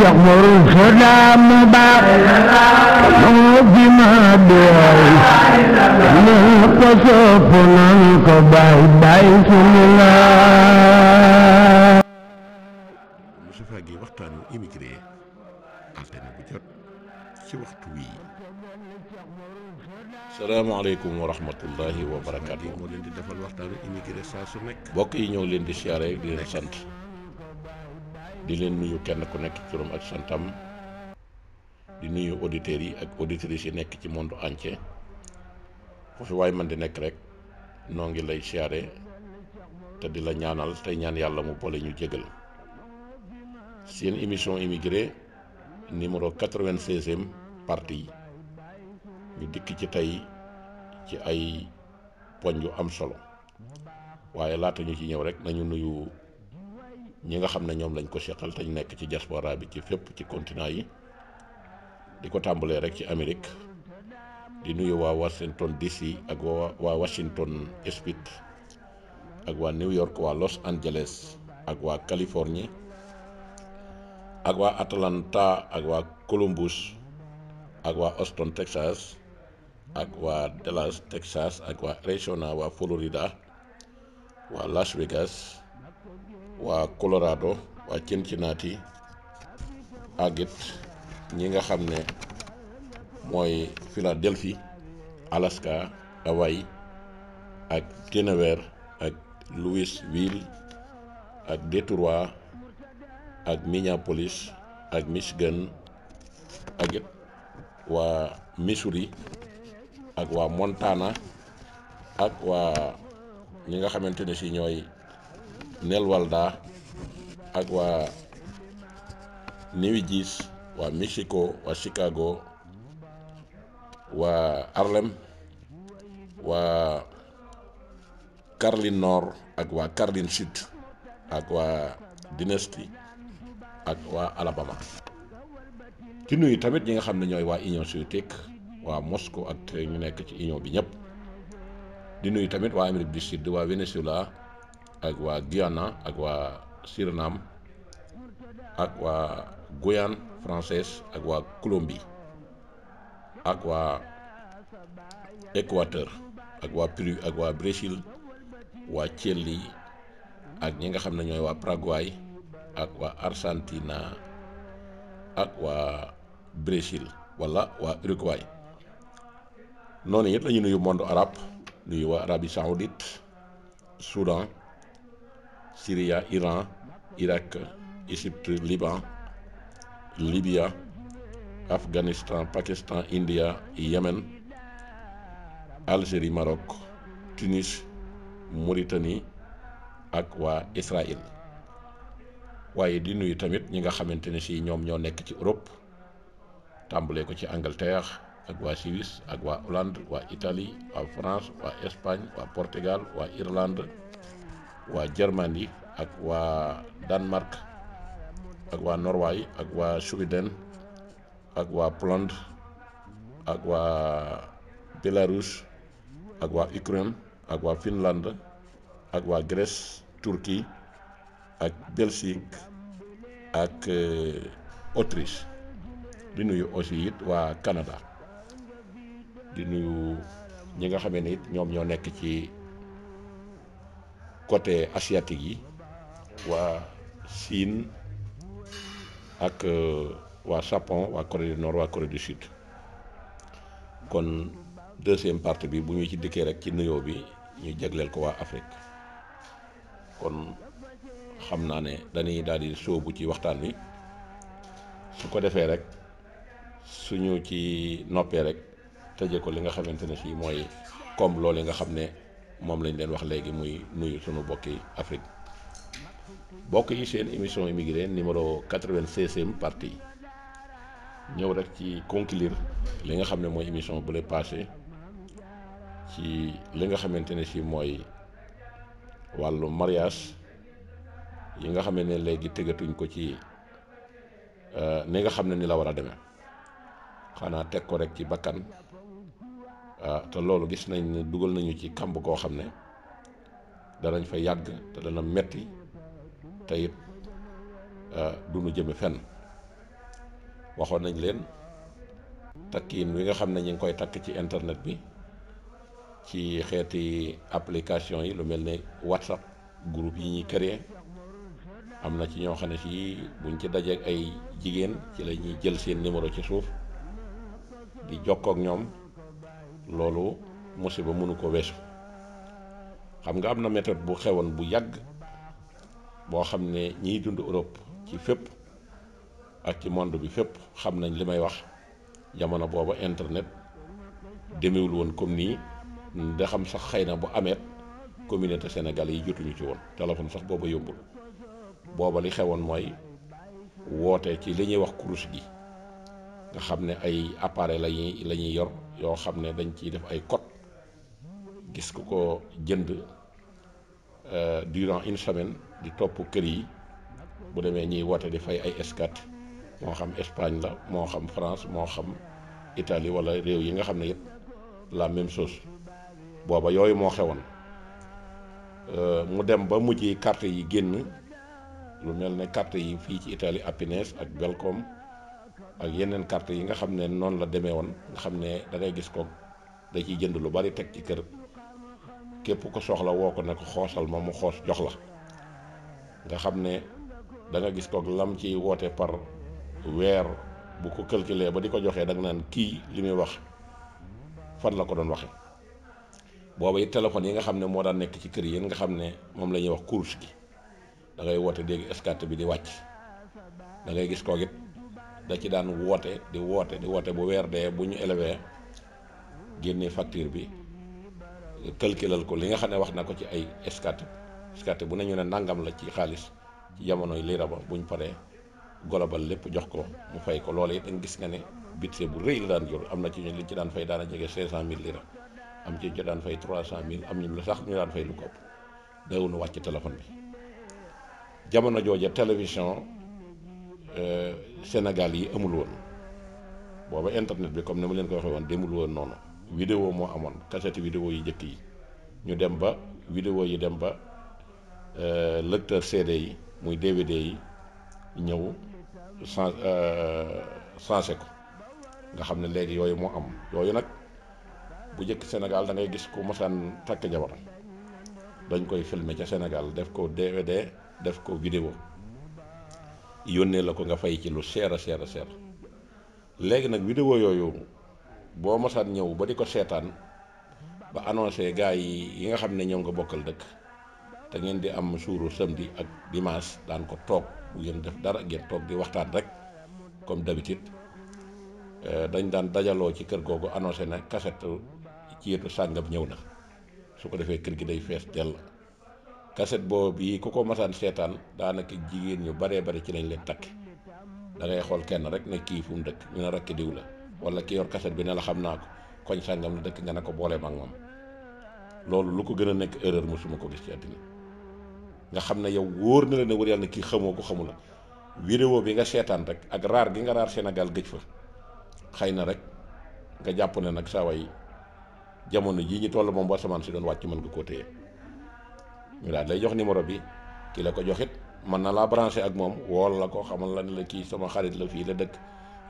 تغفر السلام موجما بوي مقصفنا القبائل بايس الله Moustapha Gueye waxtaanu immigré altine bu jot ci waxtu wi salaamaaleykum wa rahmatullahi wa barakaatu moo leen di defal waxtaanu immigré saa su nekk mbokk yi ñoo leen di siyaare di leen sant di leen nuyu kenn ku nekk turam ak santam di nuyu auditeurs yi ak auditrices yi si nekk ci monde entier fu fi waay man di nekk rek noo ngi lay siyaare te di la ñaanal tey ñaan yàlla mu boole ñu jégal seen émission immigré numéro quatre-vingt-seizième partie ñu dikk ci tey ci ay poñ yu am solo waaye laata ñu ci ñëw rek nañu nuyu. ñi nga xam ne ñoom lañ ko seqal te ñu nekk ci diaspora bi ci fépp ci continent yi di ko tàmbalee rek ci Amérique di nuyu waa Washington DC ak waa Washington Speed ak waa New York waa Los Angeles ak waa Californie ak waa Atlanta ak waa Columbus ak waa Austin Texas ak waa Dallas Texas ak waa Arizona waa Florida waa Las Vegas. waa Colorado waa Cincinnati ak ñi nga xam ne mooy Philadelphie Alaska Hawaii ak Delaware ak Louisville ak Detroit ak Minneapolis ak Michigan ak it waa Missouri ak waa Montana ak waa ñi nga xamante ne si ñooy Nel Walda ak waa Nevis waa Mexico waa Chicago waa Harlem waa Caroline Nord ak waa Caroline Sud ak waa Dynasty ak waa Alabama ci nuyu tamit ñi nga xam ne ñooy waa Union soviétique waa Moscou ak ñu nekk ci Union bi ñëpp di nuyu tamit waa Amérique du Sud waa Venezuela ak waa Guyana ak waa Suriname ak waa Guyane française ak waa Colombie ak waa Équateur ak waa Pérou ak waa Brésil waa Chili ak ñi nga xam ne ñooy waa Paraguay ak waa Argentina ak waa Brésil walla waa Uruguay noonu it lañu ñu nuyu monde arabe nuyu waa Arabie Saoudite Soudan Syria Iran Irak Égypte Liban Libya Afghanistan Pakistan India yemen Algérie Maroc Tunis Mauritanie ak waa Israël waaye di nuyu tamit ñi nga xamante ne si ñoom ñoo nekk ci Europe tàmbalee ko ci Angleterre ak waa Suisse ak waa Hollande waa Italie waa France waa Espagne waa Portugal waa Irlande waa Germany ak waa Danemark ak waa Norway ak waa Sweden ak waa Pologne ak waa Belarus ak waa Ukraine ak waa Finland ak waa Grèce Turquie ak Belgique ak euh, Autriche di nuyu aussi it waa Canada di nuyu ñi nga xamee ne ñoom ñoo nekk ci. côté asiatique yi waa siin ak euh, waa sapon waa Corée du Nord waa Corée du Sud kon deuxième partie bi bu ñu ci dikkee rek ci nuyoo bi ñu jagleel ko waa Afrique kon xam naa ne dañuy daal di sóobu ci waxtaan wi su ko defee rek su suñu ci noppee rek tëje ko li nga xamante ne fii mooy comme loolu nga xam ne moom lañ leen wax léegi muy nuyu sunu bokki Afrique bokk yi seen émission immigré numéro quatre-vingt-seizième partie ñëw rek ci conclure li nga xam ne mooy émission bu la passé ci li nga xamante ne si mooy wàllu mariage yi nga xam ne léegi tëggatuñ ko ci euh, ni nga xam ne ni la war a demee xanaa teg ko rek ci bakkan Ah, te loolu gis nañ ne dugal nañu ci kamb koo xam ne danañ fa yàgg te dana metti te it ah, du jëme fenn waxoon nañ leen takkiin wi nga xam ne ñu ngi koy takk ci internet bi ci xeeti application yi lu mel ne WhatsApp group yi ñuy créer am na ci ñoo xam ne si buñ ci dajeek ay jigéen ci la ñuy jël seen numéro ci suuf di jokkoo ñoom loolu ba mënu ko weesu xam nga am na méthode bu xewoon bu yàgg boo xam ne ñiy dund Europe ci fépp ak ci monde bi fépp xam nañ li may wax jamono booba internet demewul woon comme nii da xam sax xëy na bu ameet communauté sénégalais yi jotuñu ci woon téléphone sax booba yombul booba li xewoon mooy woote ci li ñuy wax kurus gi nga xam ne ay appareil la ñuy la ñuy yor yoo xam ne dañ ciy def ay code gis ku ko jënd euh, durant une semaine di topp kër yi bu demee ñuy woote di fay ay escat moo xam Espagne la moo xam France moo xam Italie wala réew yi nga xam ne yëpp la même chose booba yooyu moo xewoon euh, mu dem ba mujj carte yi génn lu mel ne carte yi fii ci Italie Happiness ak Welcome ak yeneen carte yi nga xam ne noonu la demee woon nga xam ne dangay gis ko da ciy jënd lu bari teg ci kër képp ko soxla woo ko ne ko xoosal ma mu xoos jox la nga xam ne da gis kook lam ci woote par weer bu ko calculer ba di ko joxee da nga naan kii li muy wax fan la ko doon waxee booba it téléphone yi nga xam ne moo daan nekk ci kër yi nga xam ne moom la ñuy wax course gi da woote dégg escarte bi di wàcc da gis koo it da ci daan woote di woote di woote bu weer dee bu ñu élevé génnee facture bi calculal ko li nga xam ne wax na ko ci ay escate escate bu nañu ne nangam la ci xaalis ci jamonoy lira ba bu ñu paree golobal lépp jox ko mu fey ko loola it danga gis nga ne budget bu rëy la daan jur am na ci ñu liñ ci daan fay daana jege cinq cent mille lira am ci ñu daan fay trois cent mille am ñu la sax ñu daan fay lu ko ëpp dawunu wàcc téléphone bi jamono jooja télévision Euh, Sénégal yi amul woon booba internet bi comme ni ma leen ko waxee woon demul woon noonu vidéo moo amoon cassette vidéo yi njëkk yi ñu dem ba vidéo yi dem ba euh, lecteur CD yi muy DVD yi ñëw chan euh, changé ko nga xam ne léegi yooyu moo am yooyu nag bu njëkk Sénégal da gis ku mosaan takk jabar dañ koy filmer ca Sénégal def ko DVD def ko vidéo yónnee la ko nga fay ci lu cher a cher a cher léegi nag vidéo yooyu boo mosaat ñëw ba di ko seetaan ba annoncé gars yi yi nga xam ne ñoo nga bokkal dëkk te ngeen di am suuru samedi ak dimanche daan ko toog bu ngeen def dara ngeen toog di waxtaan rek comme d'habitude euh, dañ daan dajaloo ci kër googu annoncé na cassette ciitu sàngam ñëw na su ko defee kër gi day fees dell kaset boobu yi ku ko masaan seetaan daanaka jigéen ñu baree bari ci lañ leen takk dangay xool kenn rek ne kii fu dëkk ñu ne rakk diw la wala ki yor kaset bi ne la xam naa ko koñ sàngam la dëkk nga ne ko boole mag moom loolu lu ko gën a nekk erreur mosuma ko gis ci àddina nga xam ne yow wóor na la ne wër yàlla ne kii xamoo ko xamu la vidéo bi nga seetaan rek ak raar gi nga raar senegal gëj fa xëy na rek nga jàpp ne nag saa waay jamono jii ñu toll moom ba asamaan si doon wàcc mën nga ñu daal lay jox numéro bi ki la ko joxit mën na laa branché ak moom wool la ko xamal la ne la kii sama xarit la fii la dëkk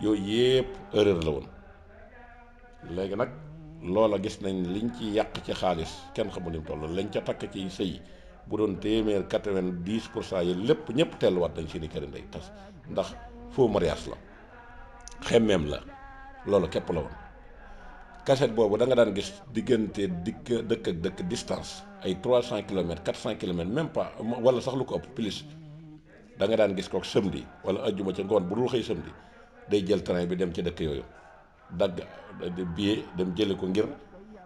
yooyu yépp erreur la woon léegi nag loola gis nañ liñ ci yàq ci xaalis kenn xamul ni mu toll lañ ca takk ci sëy bu doon téeméer quatre vingt pour cent yi lépp ñëpp telluwaat dañ seeni këri ndey tas ndax foo mariage la xemmeem la loolu képp la woon cassette boobu da nga daan gis diggante dikk dëkk ak dëkk distance ay trois cent kilomètres quatre cent kilomètres même pas wala sax lu ko ëpp plus da nga daan gis ko kook samedi wala ajjuma ca ngoon bu dul xëy samedi day jël train bi dem ci dëkk yooyu dagg billet dem jëli ko ngir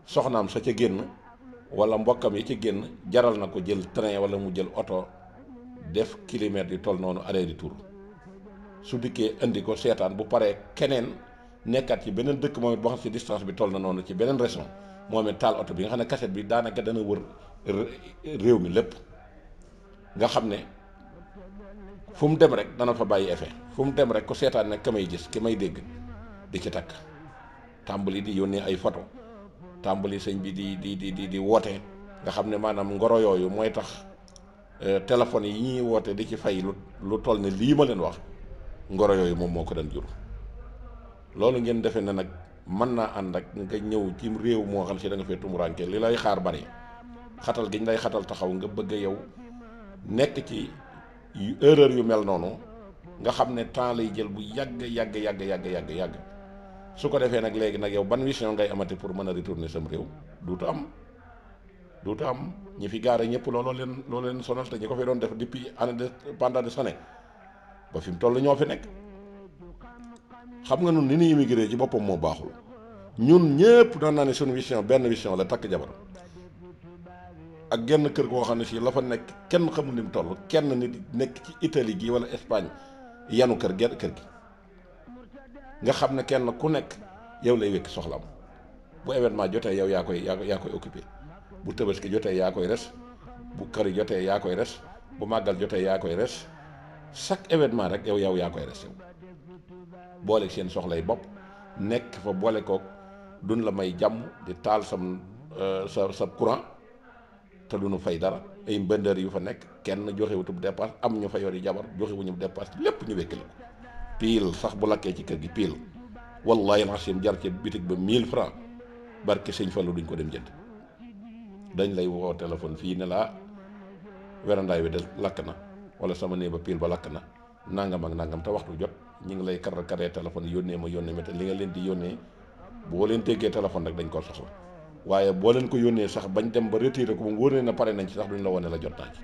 soxnaam sa ca génn wala mbokkam yi ci génn jaral na ko jël train wala mu jël oto def kilomètres yi toll noonu aller tur su dikkee indi ko seetaan bu paree keneen nekkaat ci beneen dëkk moom it boo xam si distance bi tol na noonu ci beneen région moom taal oto bi nga xam ne kaset bi daanaka dana wër réew mi lépp nga xam ne fu mu dem rek dana fa bàyyi effet fu mu dem rek ku seetaan ne ka may gis ki may dégg di ci takk tàmbali di yónnee ay photo tàmbali sëñ bi di di di di di woote nga xam ne maanaam ngoro yooyu mooy tax euh, téléphone yi ñuy woote di ci fay lu lu toll ne lii ma leen wax ngoro yooyu moom moo ko doon jur loolu ngeen defe ne nag. mën naa ànd ak nga ñëw ci réew moo xam si da nga fee tumuraanke li lay xaar bari xatal gi ñu lay xatal taxaw nga bëgg yow nekk ci erreur yu mel noonu nga xam ne temps lay jël bu yàgg yàgg yàgg yàgg yàgg yàgg su ko defee nag léegi nag yow ban vision ngay amati pour mën a retourner sam réew duutu am duutu am ñi fi gaare ñëpp looloo leen looloo leen sonal te ñi ko fi doon def depuis année de pendant des années ba fi mu ñoo fi nekk. xam nga noonu ni ñu immigré ci boppam moo baaxul ñun ñëpp daan naa ne suñu vision benn vision la takk jabar ak genn kër goo xam ne si la fa nekk kenn xamul ni mu toll kenn nit nekk ci Italie gi wala Espagne yanu kër genn kër gi nga xam ne kenn ku nekk yow lay wékk soxlaam bu événement jotee yow yaa koy yaa koy occupé bu tabaski jotee yaa koy res bu kari jotee yaa koy res bu màggal jotee yaa koy res chaque événement rek yow yow yaa koy res yow boole seen soxlay bopp nekk fa boole kook duñ la may jàmm di taal sam euh, sa sa courant te duñu fay dara ay mbëndër yu fa nekk kenn joxewutub dépasse am ñu fa yori jabar joxewuñu dépasse lépp ñu wékkale ko piil sax bu lakkee ci kër gi piil wallahi lasim jar ci bitig ba mille francs barke sëñ Fallu duñ ko dem jënd dañ lay woo téléphone fii ne laa werandaay wi de lakk na wala sama néeg ba piil ba lakk na nangam ak nangam te waxtu jot ñu ngi lay kar karee téléphone yónnee ma yónnee ma te li nga leen di yónnee boo leen déggee téléphone rek dañ ko soxla waaye boo leen ko yónnee sax bañ dem ba retiré ko ba mu wóoree na pare nañ ci sax duñ la wane la jot naa ci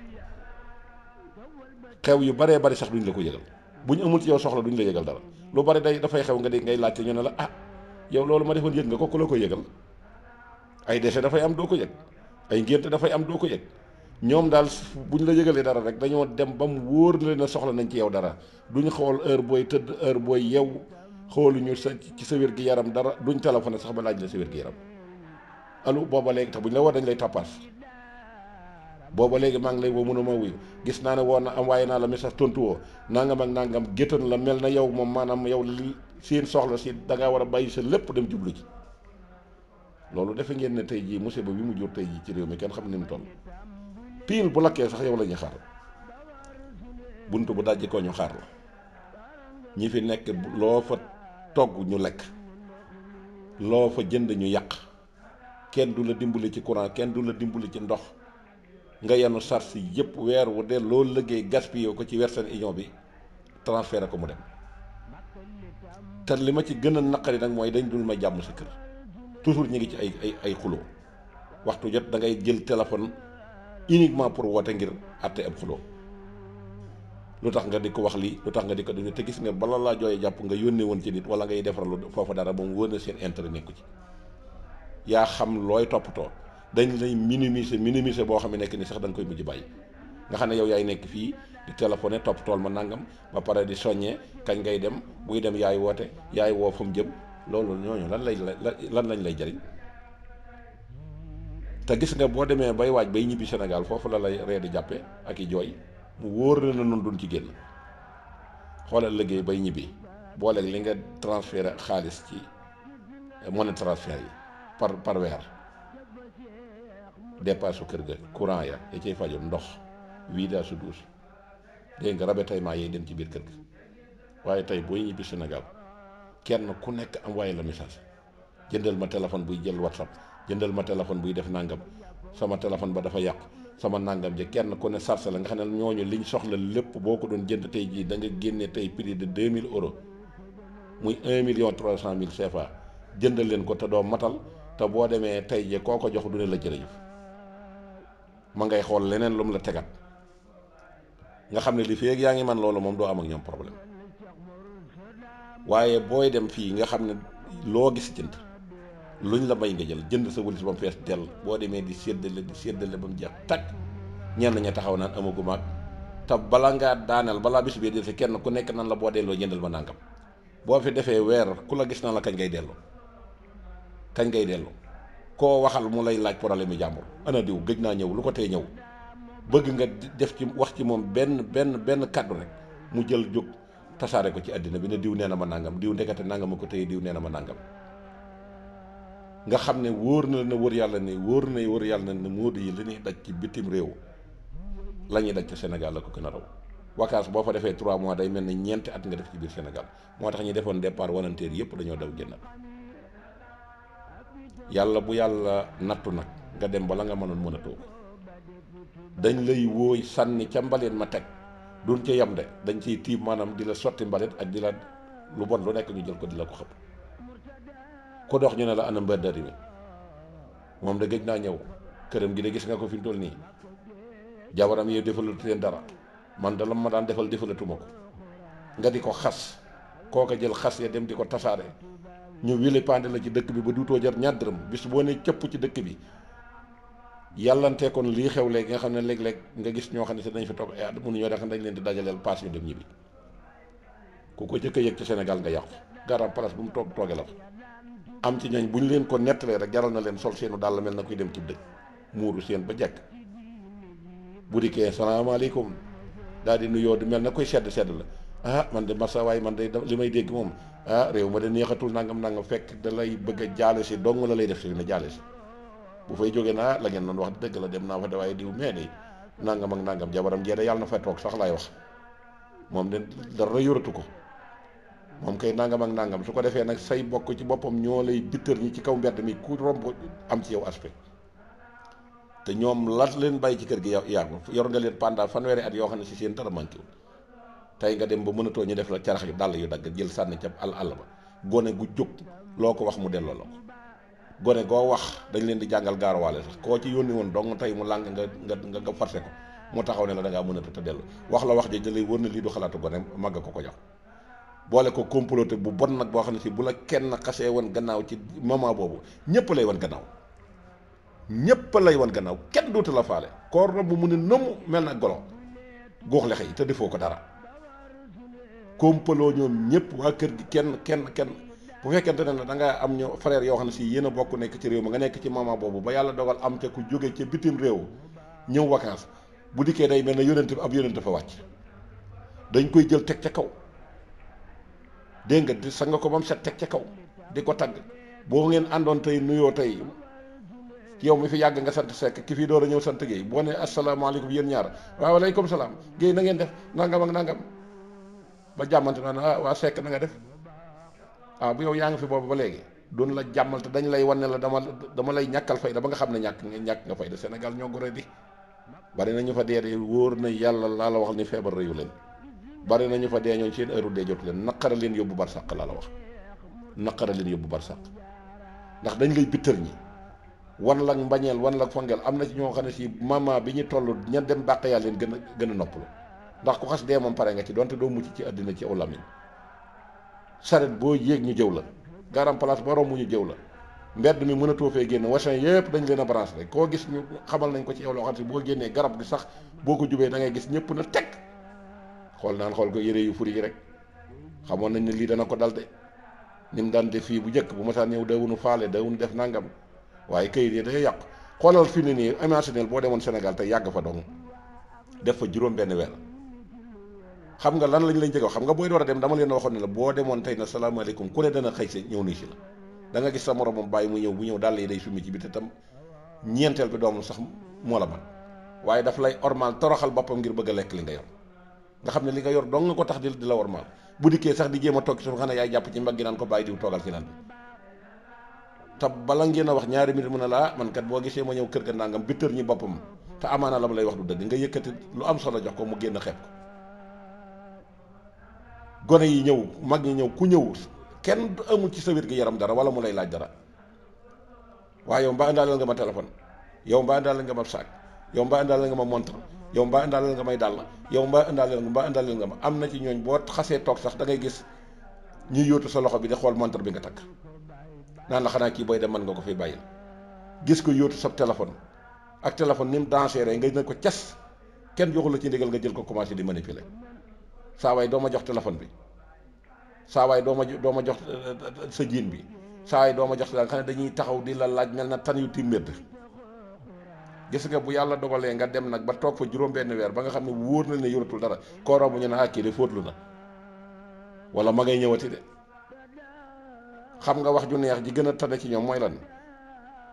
xew yu baree bari sax duñ la ko yëgal ñu amul ci yow soxla duñu la yëgal dara lu bari day dafay xew nga di ngay laajte ñu ne la ah yow loolu ma defoon yëg nga ko ku la ko yëgal ay décès dafay am doo ko yëg ay ngénte dafay am doo ko yëg ñoom daal bu ñu la yëgalee dara rek dañoo dem ba mu wóor leen soxla nañ ci yow dara duñ xool heure booy tëdd heure booy yew ñu sa ci sa wér gi yaram dara duñ téléphoné sax ba laaj la sa wér gi yaram alu booba léegi tax buñ la woo dañ lay toppaas booba léegi maa ngi lay woo mënuma wuyu gis naa ne woon na am waaye naa la message tontu woo nangam ak nangam géttan la mel na yow moom maanaam yow li seen soxla si danga war a bàyyi sa lépp dem jublu ci loolu defe ngeen ne tey jii musiba bi mu jur tey ci réew mi kenn xam ni mu toll. pile bu lakkee sax yow la ñuy bunt bu dajji ko ñu xar la ñi fi nekk loo fa togg ñu lekk loo fa jënd ñu yàq kenn du la dimbali ci courant kenn du la dimbali ci ndox nga yenu charge yëpp weer wu dee loo liggéey gaspillé ko ci Western Union bi transféré ko mu dem ten li ma ci gën a naqari nag mooy dañ dul ma jàmm sa kër toujours ñu ngi ci ay ay ay xuloo waxtu jot da ngay jël téléphone. uniquement pour woote ngir àtte ab xuloo lu tax nga di ko wax lii lu tax nga di ko def te gis nga bala laa jooyee jàpp nga yónnee woon ci nit wala ngay defaralu foofa dara ba mu wóor na seen intérêt nekku ci yaa xam looy toppatoo dañ lay minimiser minimiser boo xam ne nekk ni sax da nga koy mujj bàyyi nga xam ne yow yaay nekk fii di téléphoné topp tool ma nangam ba pare di soññee kañ ngay dem buy dem yaay woote yaay woo fa mu jëm loolu ñooñu lan lay lan lañ lay jëriñ te gis nga boo demee bay waaj bay ñibbi Sénégal foofu la lay ree di jàppe ak i jooy mu wóor na noonu duñ ci génn xoolal liggéey bay ñibbi booleeg li nga transféré xaalis ci monnaie transfert yi par par weer dépasse kër ga courant ya ya cay faju ndox vida su duus dégg nga ravitaillement yi dem ci biir kër ga waaye tey booy ñibbi Sénégal kenn ku nekk envoyé la message jëndal ma téléphone buy jël WhatsApp jëndal ma téléphone buy def nangam sama téléphone ba dafa yàqu sama nangam ja kenn ko ne sarse la nga xam ne ñooñu liñ soxla lépp boo ko doon jënd tey jii danga nga génne tey prix de 2000 euros muy 1 million 300 mille CFA jëndal leen ko te doo matal te boo demee tey jii koo ko jox du ne la jërëjëf ma ngay xool leneen lu mu la tegat nga xam ne li fi yaa ngi man loolu moom doo am ak ñoom problème waaye booy dem fii nga xam ne loo gis jënd. lu luñ la may nga jël jënd sa walis ba mu fees dell boo demee di séddale di séddale ba mu jeex takk ñenn ña taxaw naan amaguma ak te bala ngaa daaneel balaa bis bee dese kenn ku nekk nan la boo delloo jëndal ma nangam boo fi defee weer ku la gis naa la kañ ngay delloo kañ ngay delloo koo waxal mu lay laaj problème yi jàmbur ana diw gëj naa ñëw lu ko tee ñëw bëgg nga def ci wax ci moom benn benn benn kàddu rek mu jël jóg tasaare ko ci àddina bi ne diw nee na ma nangam diw ndekete nangam ma ko téye nee na ma nangam. nga xam ne wóor na ne wër yàlla ne wóor na wër yàlla ne moodu yi li ñuy daj ci bitim réew la ñuy daj ca Sénégal la ko gën a raw vacance boo fa defee trois mois day mel ne ñeenti at nga def ci biir Sénégal moo tax ñu defoon départ wananteer yëpp dañoo daw génn yàlla bu yàlla nattu nag nga dem ba la nga mënoon mën toog dañ lay wooy sànni ca mbalit ma teg duñ ca yem de dañ ciy tiib maanaam di la sotti mbalit ak di la lu bon lu nekk ñu jël ko di la ko xëpp ku dox ñu ne la ana mbër dari mi moom da gëj naa ñëw këram gi de gis nga ko fi mu toll nii jabaram yi defalatu leen dara man da lam ma daan defal defalatuma ko nga di ko xas kooka jël xas ya dem di ko tasaare ñu wile pande la ci dëkk bi ba duutoo jar ñaar dërëm bis boo ne cëpp ci dëkk bi yàllantee kon lii xew léegi nga xam ne léeg-léeg nga gis ñoo xam ne si dañ fi toog ay at mënuñoo dax dañ leen di dajaleel paas ñu dem ñibbi ku ko jëkk a yëg ci Sénégal nga yàqu garam place bu mu toog tooge la am ci ñooñ bu ñu leen ko nettalee rek jaral na leen sol seenu dàll mel na koy dem cib dëj muuru seen ba jekk bu dikkee salaamaaleykum daal di nuyoo di mel na koy sedd sedd la ah man de masa waaye man de li may dégg moom ah réew ma de neexatul nangam nangam fekk da lay bëgg a jaale si dong la lay def si na jaale si bu fay jógee naa ah, la ngeen doon wax dëgg la dem naa fa de waaye diw mais de nangam ak nangam jabaram jee yàlla na fa toog sax laay wax moom de dara yoratu ko moom kay nangam ak nangam su ko defee nag say bokk ci boppam ñoo lay bittër ñi ci kaw mbedd mi ku romb am ci yow aspect te ñoom las leen bàyyi ci kër gi yaa yor nga leen pendant fanweeri at yoo xam ne si seen dara manqué tey nga dem ba mënatoo ñu def la carax yu dàll yu dagg jël sànni ca àll àll ba gone gu jóg loo ko wax mu delloo la ko gone goo wax dañ leen di jàngal gaaruwaale sax koo ci yónni woon dong tey mu làng nga nga nga forcé ko mu taxaw ne la da ngaa mënatu te dellu wax la wax ji da lay na lii du xalaatu gone mag ko ko jox boole ko comploté bu bon nag boo xam ne si bu la kenn xasee woon gannaaw ci moment boobu ñëpp lay woon gannaaw ñëpp lay woon gannaaw kenn dootu la faale koor na bu mu ne nëmu mel na golo goox lexe yi te defoo ko dara kompaloo ñoom ñëpp waa kër gi kenn kenn kenn bu fekkente ne da ngaa am ñoo frère yoo xam ne si yéen a bokk nekk ci réew mi nga nekk ci moment boobu ba yàlla dogal am ca ku jóge ca bitim réew ñëw vacances bu dikkee day mel na yónent bi ab yónent dafa wàcc dañ koy jël teg ca kaw dégg nga di sang ko ba mu set teg ca kaw di ko tagg boo ngeen àndoon tey nuyoo tey yow mi fi yàgg nga sant sekk ki fi door a ñëw sant Guèye boo ne asalaamaaleykum yéen ñaara waaw aleykum salaam géey na ngeen def nangam ak nangam ba jàmmante naa ne ah, waa sekk na nga def waaw ah, bu yow yaa ngi fi boobu ba léegi doon la jàmmal te dañ lay wan ne la dama dama lay ñàkkal fayda ba nga xam ne ñàkk ñàkk nga fayda senegal ñoo gore di bari na ñu fa dee wóor na yàlla laa la wax ni feebar rëyu bari nañu fa dee ñooñ seen heure dee jotu leen naqara leen yóbbu barsàq laa la wax naqara leen yóbbu barsàq ndax dañ lay bittar ñi wan lak mbañeel wan lak fongeel am na ci ñoo xam ne si bi ñu toll ña dem bàq yaa leen gën a gën a ndax ku xas moom pare nga ci donte doo mucc ci àddina ci aw lamin saret boo yéeg ñu jëw la garam place ba romb ñu jëw la mbedd mi mën a toofee génn wasin yëpp dañ leen a branché rek koo gis ñu xamal nañ ko ci yow loo xam ne boo génnee garab gi sax boo ko jubee da ngay gis ñëpp na teg xool naan xool ko yére yu furi yi rek xamoon nañ ne lii dana ko dal de ni daan def fii bu njëkk bu ma masaan ñëw dawunu faale dawunu def nangam waaye kayit yi day yàq xoolal fi ne nii imaginel boo demoon Sénégal tey yàgg fa dong def fa juróom benn weer xam nga lan lañ lañ jëkk xam nga booy door a dem dama leen waxoon ne la boo demoon tey na salaamaaleykum ku ne dana xëy si ñëw nuyu si la da nga gis sa moromam bàyyi mu ñëw bu ñëw dàll yi day summi ci bi te tam ñeenteel bi doomam sax moo la man waaye daf lay ormal toroxal boppam ngir bëgg lekk li nga yor nga xam ne li nga yor dong nga ko tax di di la war maal bu dikkee sax di jéem a toog ci suuf xanaa yaay jàpp ci mbagg gi naan ko bàyyi diw toogal ci naan bi te bala ngeen a wax ñaari minute mën a laa man kat boo gisee ma ñëw kër ga nangam bi tër ñi boppam te amaana la ma lay wax du dëgg nga yëkkati lu am solo jox ko mu génn xeeb ko gone yi ñëw mag ñi ñëw ku ñëw kenn du amul ci sa wér gi yaram dara wala mu lay laaj dara waaye yow mbaa indaaleel nga ma téléphone yow mbaa indaaleel nga ma sac yow mbaa indaaleel nga ma montre yow mbaa indaaleel nga may dàll yow mbaa indaaleel nga mbaa indaaleel nga am na ci ñooñ boo xasee toog sax da ngay gis ñuy yóotu sa loxo bi di xool montre bi nga takk naan la xanaa kii booy dem mën nga ko fay bàyyil gis ko yóotu sa téléphone ak téléphone ni mu dangereux nga ne ko cas kenn joxu la ci ndigal nga jël ko commencé di manipuler saa waay doo ma jox téléphone bi saa doo ma euh, euh, euh, doo ma jox sa jiin bi saa doo ma jox sa nga xam ne dañuy taxaw di la laaj mel na tan yu gis nga bu yàlla dogalee nga dem nag ba toog fa juróom-benn weer ba nga xam ne wóor na ne yoratul dara koo romb ñu ne ah kii de fóotlu na wala ma ngay ñëwati de xam nga wax ju neex ji gën a tane ci ñoom mooy lan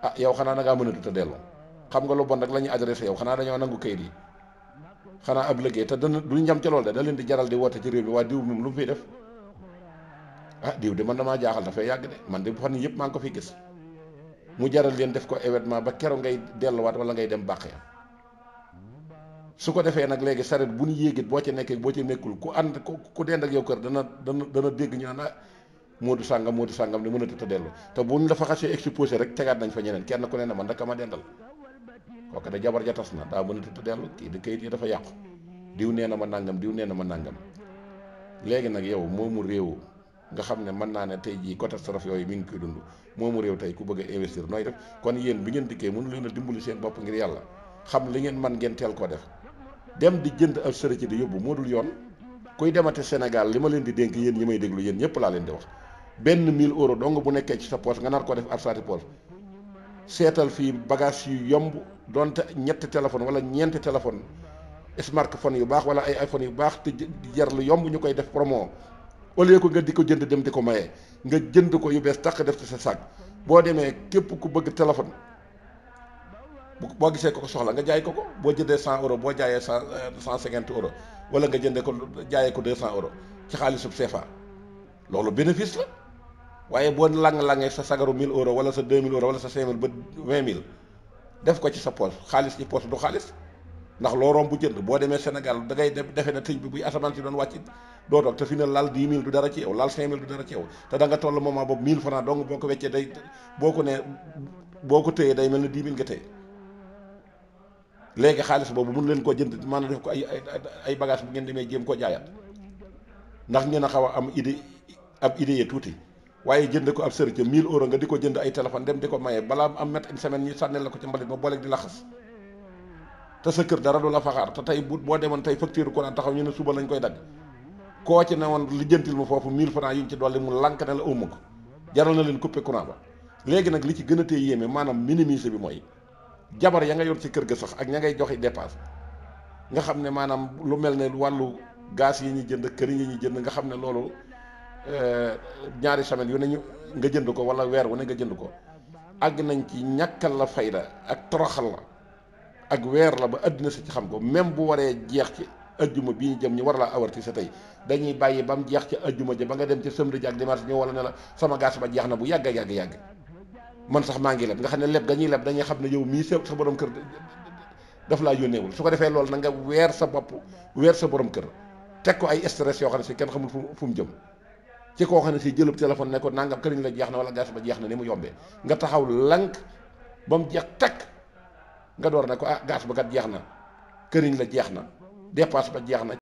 ah yow xanaa da ngaa mënatut a xam nga lu bon nag la ñuy adressé yow xanaa dañoo nangu kayit yi xanaa ab liggéey te dana du ñam ca lool de da leen di jaral di woote ci réew mi waa diw moom lu mu fiy def ah diw de man damaa jaaxal dafay yàgg de man de fan yëpp maa ngi ko gis. mu jaral leen def ko événement ba keroog ngay delluwaat wala ngay dem bàq ya su ko defee nag léegi saret bu nu yéegit boo ci nekkee boo ci nekkul ku ànd ku dend ak yow kër dana dana dana dégg ñu naan ah moodu sàngam du sàngam ne mën a tëdd dellu te bu ñu la fa xasee exposé rek tegaat nañ fa ñeneen kenn ku ne ne man naka ma dendal kooku da jabar ja tas na daa mën a tëdd dellu kii di kayit yi dafa yàqu diw nee na ma nangam diw nee na ma nangam léegi nag yow moomu réew nga xam ne mën naa ne tey jii catastrophe yooyu mi ngi koy dund moomu réew tey ku bëgg a investir nooy def kon yéen bi ngeen dikkee mënu leen a dimbali seen bopp ngir yàlla xam li ngeen man ngeen teel koo def dem di jënd ab sëriñ di yóbbu moo dul yoon kuy demate Sénégal li ma leen di dénk yéen ñi may déglu yéen ñëpp laa leen di wax benn 1000 euro dong bu nekkee ci sa poche nga nar koo def ab saati poche seetal fii bagage yu yomb donte ñetti téléphone wala ñeenti téléphone smartphone yu baax wala ay iPhone yu baax te jar lu yomb ñu koy def promo au lieu que nga di ko jënd dem di ko maye nga jënd ko yu bees tàq def ci sa saag boo demee képp ku bëgg téléphone boo gisee ko ko soxla nga jaay ko ko boo jëndee cent euros boo jaayee cent san euh, cinquante euros wala nga jënde ko jaayee ko deux cent euros ci xaalisub CFA loolu bénéfice la waaye boo lang-langee sa sagaru mille euros wala sa deux mille euros wala sa cinq mille ba vingt mille def ko ci sa poche xaalis ci poche du xaalis. ndax loo romb bu jënd boo demee Sénégal dangay ngay defe na tëj bi buy asamaan si doon wàcc doo toog te fi ne laal 10 000 du dara ci yow laal 5 000 du ci yow te da nga moom moment boobu 1000 francs donc boo ko weccee day boo ko nee boo ko téyee day mel ne 10 000 nga téye léegi xaalis boobu mun leen koo jënd maanaam def ko ay ay bagage bu ngeen demee jéem koo jaayaat ndax ngeen a xaw a am idée ab idée yee tuuti waaye jënd ko ab sër ca 1000 euros nga di ko jënd ay téléphone dem di ko la ko ci mbalit ma booleeg di la te sa kër dara du la faxaar te tey bu boo demoon tey facture courant taxaw ñu ne suba lañ koy dagg koo ci ne woon lijjantil ma foofu 1000 francs yi ñu ci dolli mu lank ne la ëwma ko jaral na leen couper courant ba léegi nag li ci gën a tee yéeme maanaam minimiser bi mooy jabar ya nga yor ci kër gi sax ak ña ngay joxe dépense nga xam ne maanaam lu mel ne wàllu gaz yi ñu jënd kër yi ñu jënd nga xam ne loolu euh, ñaari semaine yu ne ñu nga jënd ko wala weer wu ne nga jënd ko àgg nañ ci ñàkkal la fayda ak toroxal la ak weer la ba àddina si ci xam ko même bu waree jeex ci ajjuma bii ñu jëm ñu war laa awarti sa tey dañuy bàyyi ba mu jeex ci ajjuma ja ba nga dem ci samedi ji ak dimanche ñu ne la sama gaas ba jeex na bu yàgg yàgg yàgg man sax maa ngi leb nga xam ne leb ga ñuy dañuy xam ne yow mii sa sa borom kër daf laa yónneewul su ko defee loolu na nga weer sa bopp weer sa borom kër teg ko ay stress yoo xam ne si kenn xamul fu fu mu jëm ci koo xam ne si jëlub téléphone ne ko nangam këriñ la jeex na wala gaas ba jeex na ni mu yombee nga taxaw lank ba mu jeex takk nga door na ko ah gaz ba kat jeex na këriñ la jeex na dépasse ba jeex na